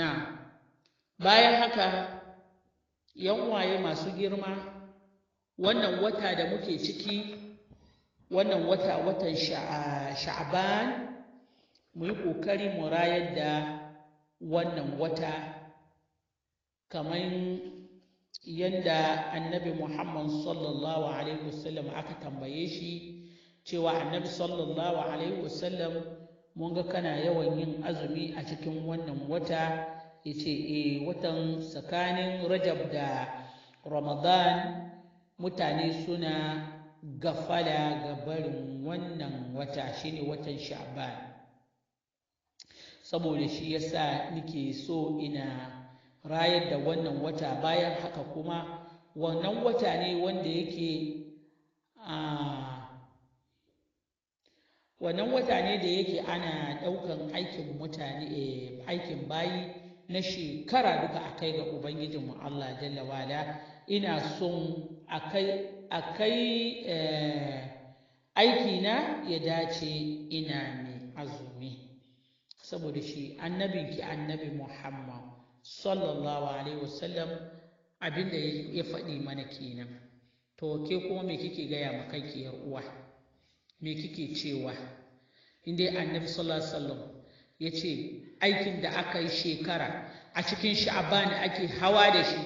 na bayan haka yan waye masu girma wannan wata da muke ciki wannan wata watan sha'aban mu yi ƙoƙari mu rayar da wannan wata kamar yadda annabi muhammad sallallahu alaihi wasallam aka tambaye shi cewa annabi sallallahu alaihi wasallam mun ga kana yawan yin azumi a cikin wannan wata ya ce e watan tsakanin rajab da ramadan mutane suna gafala ga barin wannan wata shine watan sha'ban saboda shi yasa nike so ina rayar da wannan wata bayan haka kuma wannan wata ne wanda yake a ah, wannan wata ne da yake ana ɗaukan aikin mutane eh, aikin bayi na shekara duka a kai ga ubangijinmu Allah jalla wala ina son a kai eh, aikina ya dace ina mai azumi saboda shi annabinki annabi muhammad sallallahu alaihi wasallam abinda ya faɗi mana kenan to ke kuma me kike gaya ma kanki yar uwa me kike cewa inda annabi sallallahu alaihi wasallam ya ce aikin da aka yi shekara a cikin sha'abani ake hawa da shi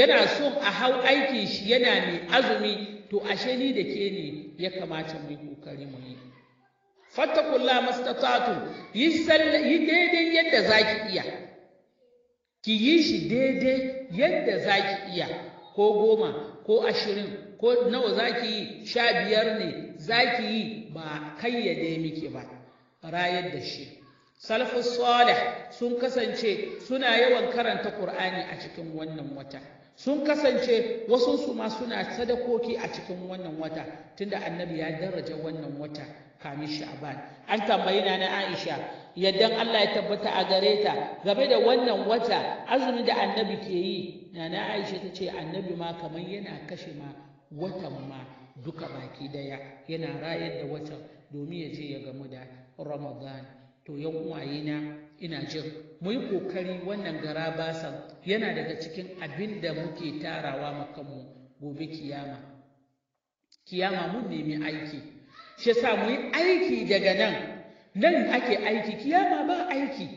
yana so a hau aikin shi yana mai azumi to ashe ni da ke ne ya kamata mu yi kokari mu yi fattakullah mastatatu yi daidai yadda za iya ki yi shi daidai yadda zaki iya ko goma ko ashirin ko nawa za yi sha biyar ne zaki yi ba kayyade miki ba rayar da shi salafus salih sun kasance suna yawan karanta qur'ani a cikin wannan wata sun kasance wasu su ma suna sadakoki a cikin wannan wata tunda annabi ya daraja wannan wata kamin sha'ban an tambayi na aisha yadda Allah ya tabbata a gare ta game da wannan wata azumi da annabi ke yi nana aisha ta ce annabi ma kamar yana kashe ma watan ma duka baki daya yana rayar da watan domin ya je ya gamu da ramadan to yan uwaye ina jin mu yi kokari wannan gara basan yana daga cikin abin da muke tarawa makanmu gobe kiyama kiyama mun nemi aiki shi yasa mu yi aiki daga nan nan ake aiki kiyama ba aiki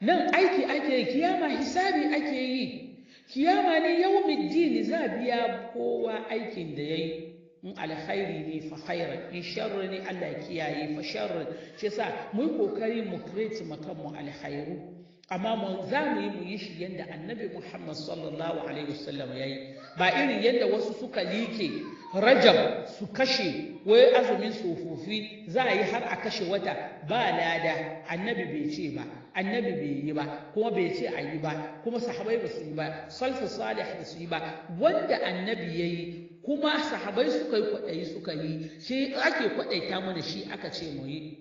nan aiki ake yi kiyama hisabi ake yi kiyama ne yawmiddin za biya kowa aikin da yayi in alkhairi ne fa khairan in sharri ne Allah kiyaye fa sharri shi yasa mu kokari mu create makan mu alkhairu amma mu za mu yi mu yi shi yanda annabi Muhammad sallallahu alaihi wasallam yayi ba irin yanda wasu suka like rajab su kashe wai azumin tsofaffi za a yi har a kashe wata ba lada annabi bai ce ba annabi bai yi ba kuma bai ce a yi ba kuma sahabai ba su yi ba salfu salih ba su yi ba wanda annabi ya yi kuma sahabai suka yi kwaɗayi suka yi sai ake kwaɗaita mana shi aka ce mu yi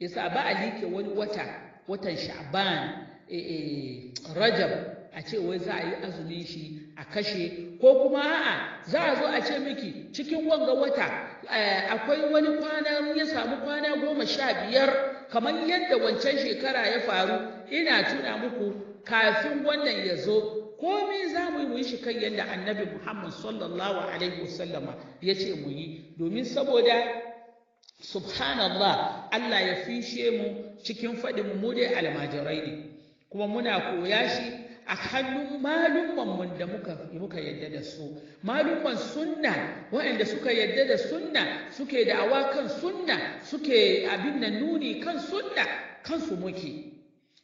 yasa ba a like wani wata watan sha'ban eh, eh, rajab a ce wai za a yi azumi shi a kashe ko kuma a'a za a zo a ce miki cikin wanga wata eh, akwai wani kwana ya samu kwana goma sha biyar kamar yadda wancan shekara ya faru ina tuna muku kafin wannan ya zo komai za mu yi mu yi shi kan yadda annabi muhammad sallallahu alaihi wasallama ya ce mu yi domin saboda subhanallah Allah ya fishe mu cikin faɗin mu dai almajirai ne kuma muna koya shi a hannun malumman da muka yadda da su malumman sunna waɗanda suka yadda da sunna suke da awa kan sunna suke abin da nuni kan sunna kansu muke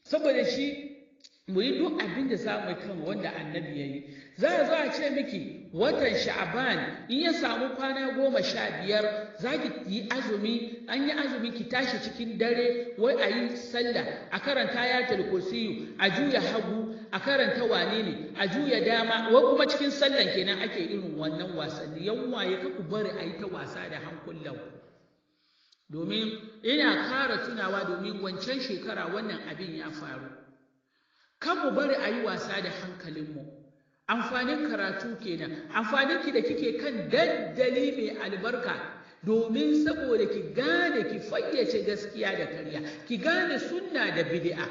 saboda shi mu yi duk abin da za mu kan wanda annabi ya yi za a zo a ce miki watan sha'aban in ya samu kwana goma sha biyar za ki yi azumi an yi azumi ki tashi cikin dare wai a yi sallah a karanta ya kursiyu a juya hagu a karanta wane ne a juya dama wa kuma cikin sallan kenan ake irin wannan wasanni yan waye ka ku bari a yi ta wasa da hankulan domin ina kara tunawa domin wancan shekara wannan abin ya faru kan mu bari a yi wasa da hankalinmu amfanin karatu kenan amfanin ki da kike kan daddali mai albarka domin saboda ki gane ki fayyace gaskiya da karya ki gane sunna da bid'a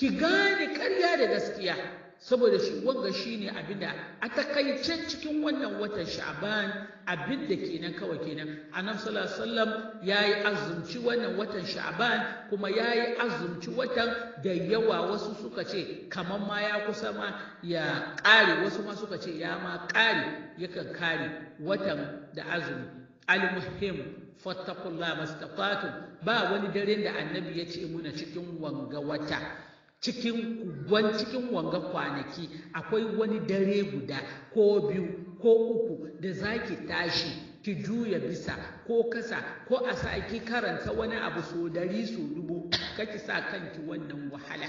ki gane karya da gaskiya saboda shi wanga shi shine abinda a takaice cikin wannan watan sha'ban abinda kenan kawai kenan annabi sallallahu alaihi wasallam yayi azumci wannan watan sha'ban kuma yayi azumci watan da yawa wasu suka ce kamar ma ya kusa ma ya ƙare wasu ma suka ce ya ma ƙare yakan kare watan da azumi al-muhim fattakullaha mastata'tum ba wani daren da annabi ya ce muna cikin wanga wata cikin wan cikin wanga kwanaki akwai wani dare guda ko biyu ko uku da zaki tashi ki juya bisa ko kasa ko a sa ki karanta wani abu so dari so dubu kaki sa kanki wannan wahala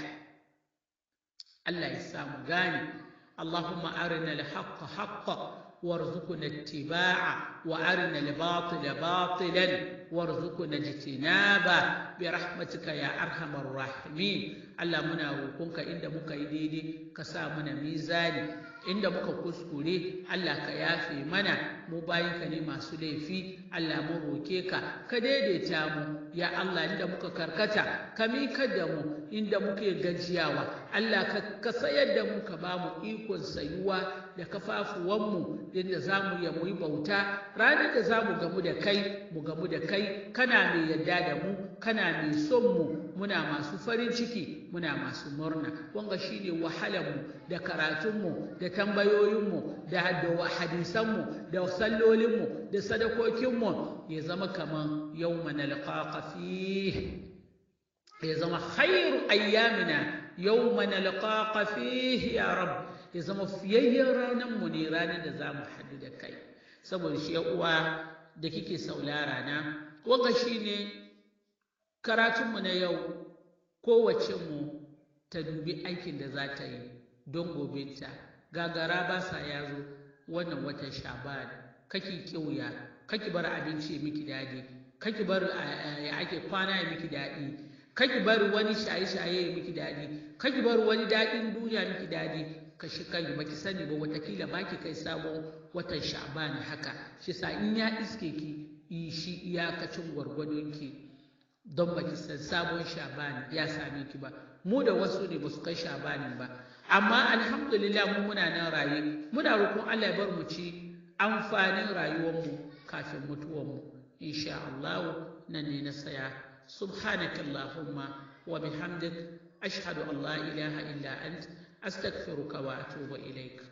Allah ya samu gane arina al-haqqa haqqan وارزقنا اتباعه وارنا الباطل باطلا وارزقنا اجتنابه برحمتك يا ارحم الراحمين Allah muna roƙonka inda muka yi daidai ka sa mana mizani inda muka kuskure Allah ka yafe mana mu bayanka ne masu laifi Allah mu roke ka ka daidaita mu ya Allah inda muka karkata ka mika da mu inda muke gajiyawa Allah ka, ka sayar da mu ka ba mu ikon sayuwa da kafafuwanmu yadda za mu ya muyi bauta ranar da za mu gamu da kai mu gamu da kai kana mai yadda da mu kana mai son mu muna masu farin ciki muna masu murna wanga shine wahalarmu da karatunmu da tambayoyinmu da hadisanmu da sallolinmu da sadakokinmu ya zama kaman yawma nalqaqa fih ya zama khairu ayyamina يوم nalqaqa فيه يا رب ya zama fiyayyen ranar mu ne ranar da za mu haɗu da kai saboda shi uwa da kike saulara na waka shi ne karatunmu na yau kowace mu ta dubi aikin da za ta yi don gobe ta, gagara ba sa yazo wannan watan shaban kake kiwuya kake bar abinci miki daɗi kake bar ya eh, eh, ake kwana ya miki daɗi kake bar wani shaye-shaye ya miki daɗi kake bar wani daɗin duniya miki daɗi kashi kai baki sani ba watakila baki kai sabon watan sha'ban haka shi sa in ya iske ki yi shi iyakacin gwargwadon ki don baki san sabon sha'ban ya same ki ba mu da wasu ne ba su kai sha'banin ba amma alhamdulillah mu muna nan raye muna roƙon Allah ya bar mu ci amfanin rayuwar mu kafin mutuwar insha Allah nan ne na saya subhanakallahumma wa bihamdik ashhadu an la ilaha illa anta أستغفرك وأتوب إليك